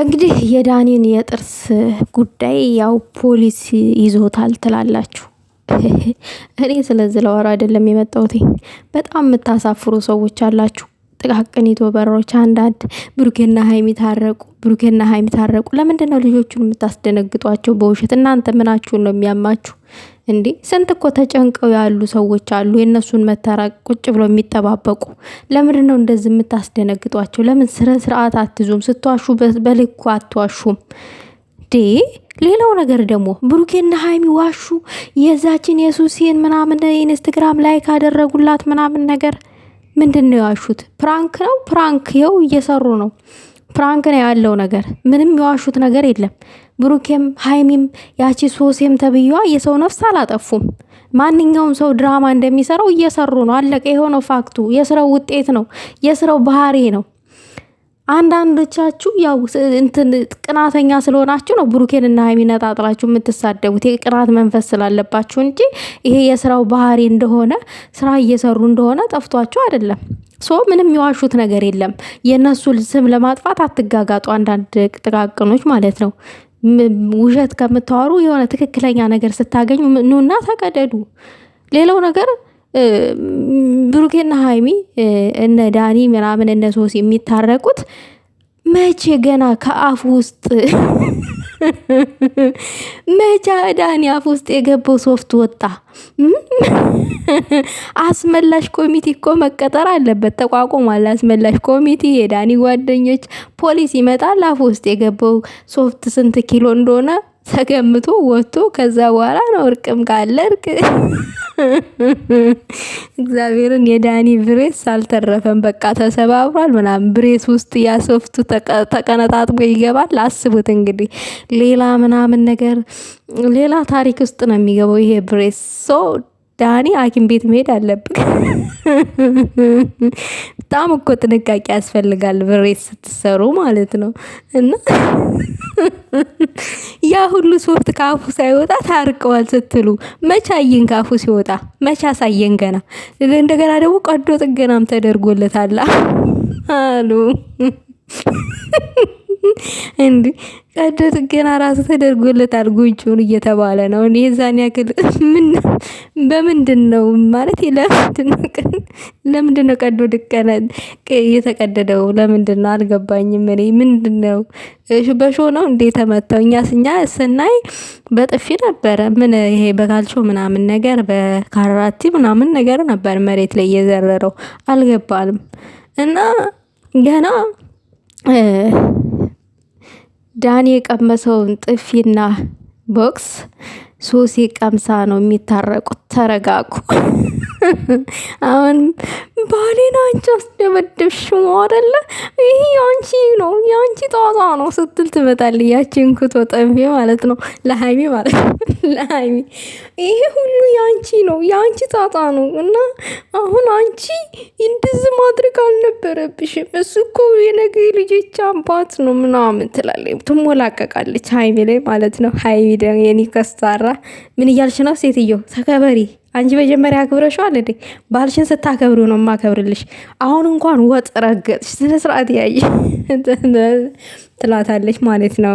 እንግዲህ የዳኒን የጥርስ ጉዳይ ያው ፖሊስ ይዞታል ትላላችሁ። እኔ ስለዚህ ለወራ አይደለም የመጣሁት። በጣም የምታሳፍሩ ሰዎች አላችሁ። ጥቃቅኒቶ በሮች አንዳንድ ብሩኬና ሀይሚ ታረቁ፣ ብሩኬና ሀይሚ ታረቁ። ለምንድን ነው ልጆቹን የምታስደነግጧቸው በውሸት? እናንተ ምናችሁን ነው የሚያማችሁ? እንዴ ስንት እኮ ተጨንቀው ያሉ ሰዎች አሉ። የእነሱን መታረቅ ቁጭ ብለው የሚጠባበቁ ለምንድን ነው እንደዚህ የምታስደነግጧቸው? ለምን ስነ ስርዓት አትዙም? ስትዋሹ በልኩ አትዋሹም ዴ ሌላው ነገር ደግሞ ብሩኬና ሀይሚ ዋሹ። የዛችን የሱሴን ምናምን ኢንስትግራም ላይክ አደረጉላት ምናምን ነገር ምንድን ነው የዋሹት? ፕራንክ ነው ፕራንክ፣ የው እየሰሩ ነው። ፕራንክ ነው ያለው ነገር፣ ምንም የዋሹት ነገር የለም። ብሩኬም ሀይሚም ያቺ ሶሴም ተብዬዋ የሰው ነፍስ አላጠፉም። ማንኛውም ሰው ድራማ እንደሚሰራው እየሰሩ ነው። አለቀ። የሆነው ፋክቱ የስራው ውጤት ነው፣ የስራው ባህሪ ነው። አንዳንዶቻችሁ ያው እንትን ቅናተኛ ስለሆናችሁ ነው ብሩኬንና ሀይሚን ነጣጥላችሁ የምትሳደቡት የቅናት መንፈስ ስላለባችሁ እንጂ ይሄ የስራው ባህሪ እንደሆነ ስራ እየሰሩ እንደሆነ ጠፍቷችሁ አይደለም። ሶ ምንም የዋሹት ነገር የለም። የእነሱ ስም ለማጥፋት አትጋጋጡ፣ አንዳንድ ጥቃቅኖች ማለት ነው። ውሸት ከምታወሩ የሆነ ትክክለኛ ነገር ስታገኙ ኑና ተቀደዱ። ሌላው ነገር ብሩኬና ሀይሚ እነ ዳኒ ምናምን እነ ሶስ የሚታረቁት መቼ ገና ከአፍ ውስጥ መቻ እዳኔ አፍ ውስጥ የገባው ሶፍት ወጣ። አስመላሽ ኮሚቴ እኮ መቀጠር አለበት፣ ተቋቁሟል። አስመላሽ ኮሚቴ የዳኒ ጓደኞች፣ ፖሊስ ይመጣል። አፍ ውስጥ የገባው ሶፍት ስንት ኪሎ እንደሆነ ተገምቶ ወጥቶ ከዛ በኋላ ነው እርቅም ካለ እርቅ። እግዚአብሔርን የዳኒ ብሬስ አልተረፈም። በቃ ተሰባብሯል ምናምን ብሬስ ውስጥ ያሶፍቱ ተቀነጣጥቦ ይገባል። አስቡት እንግዲህ ሌላ ምናምን ነገር ሌላ ታሪክ ውስጥ ነው የሚገባው ይሄ ብሬስ ሶ ዳኒ ሐኪም ቤት መሄድ አለብህ። በጣም እኮ ጥንቃቄ ያስፈልጋል ብሬት ስትሰሩ ማለት ነው። እና ያ ሁሉ ሶፍት ካፉ ሳይወጣ ታርቀዋል ስትሉ መቼ አየን? ካፉ ሲወጣ መቼ አሳየን? ገና እንደገና ደግሞ ቀዶ ጥገናም ተደርጎለታል አሉ። እንዲ ቀዶ ጥገና ራሱ ተደርጎለታል ጉንጩን እየተባለ ነው። እኔ ዛን ያክል ምን በምንድን ነው ማለት ለምንድን ነው ቀዶ ድቀና የተቀደደው ለምንድን ነው አልገባኝም። እኔ ምንድን ነው በሾ ነው እንዴ ተመታው? እኛ ስኛ ስናይ በጥፊ ነበረ። ምን ይሄ በካልቾ ምናምን ነገር በካራቲ ምናምን ነገር ነበር መሬት ላይ እየዘረረው አልገባንም እና ገና ዳኒ የቀመሰውን ጥፊና ቦክስ ሱሲ ቀምሳ ነው የሚታረቁት። ተረጋጉ። አሁን ባሌን አንቺ አስደበደብሽው አደለ? ይህ የአንቺ ነው የአንቺ ጣጣ ነው ስትል ትመጣል። ያችን ክቶ ጠንፌ ማለት ነው ለሀይሚ ማለት ነው ለሀይሚ ይሄ ሁሉ ነው የአንቺ ጣጣ ነው እና አሁን አንቺ እንድዝ ማድረግ አልነበረብሽም። እሱ እኮ የነገ ልጆች አባት ነው ምናምን ትላለች፣ ትሞላቀቃለች። ሀይሚ ላይ ማለት ነው። ሀይሚ የኔ ከስታራ ምን እያልሽ ነው? ሴትዮ ተከበሪ። አንቺ መጀመሪያ አክብረሽዋል እንዴ? ባልሽን ስታከብሩ ነው ማከብርልሽ። አሁን እንኳን ወጥ ረገጥሽ፣ ስነ ስርዓት ያየ ትላታለች ማለት ነው።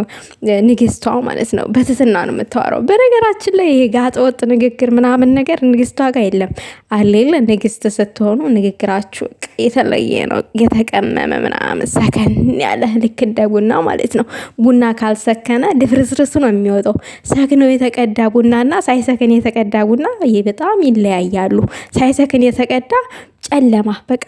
ንግስቷ ማለት ነው በትትና ነው የምታወራው። በነገራችን ላይ ይሄ ጋጠወጥ ንግግር ምናምን ነገር ንግስቷ ጋር የለም አሌለ። ንግስት ስትሆኑ ንግግራችሁ የተለየ ነው፣ የተቀመመ ምናምን ሰከን ያለ ልክ እንደ ቡና ማለት ነው። ቡና ካልሰከነ ድፍርስርሱ ነው የሚወጣው። ሰክኖ የተቀዳ ቡናና ሳይሰክን የተቀዳ ቡና ይህ በጣም በጣም ይለያያሉ። ሳይሰክን የተቀዳ ጨለማ በቃ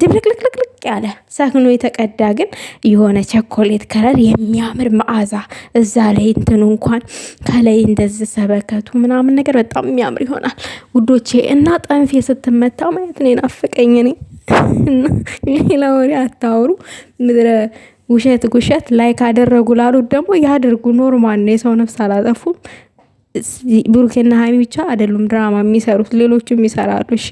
ድብልቅልቅልቅልቅ ያለ ሰክኖ የተቀዳ ግን የሆነ ቸኮሌት ከለር የሚያምር መዓዛ እዛ ላይ እንትኑ እንኳን ከላይ እንደዚህ ሰበከቱ ምናምን ነገር በጣም የሚያምር ይሆናል ውዶቼ። እና ጠንፌ ስትመታ ማየት ነው ናፍቀኝ። እኔ ሌላ ወሬ አታውሩ ምድረ ውሸት ጉሸት ላይክ አደረጉ ላሉት ደግሞ ያድርጉ። ኖርማል ነው። የሰው ነፍስ አላጠፉም። ብሩኬና ሀይሚ ብቻ አይደሉም ድራማ የሚሰሩት ሌሎችም ይሰራሉ። እሺ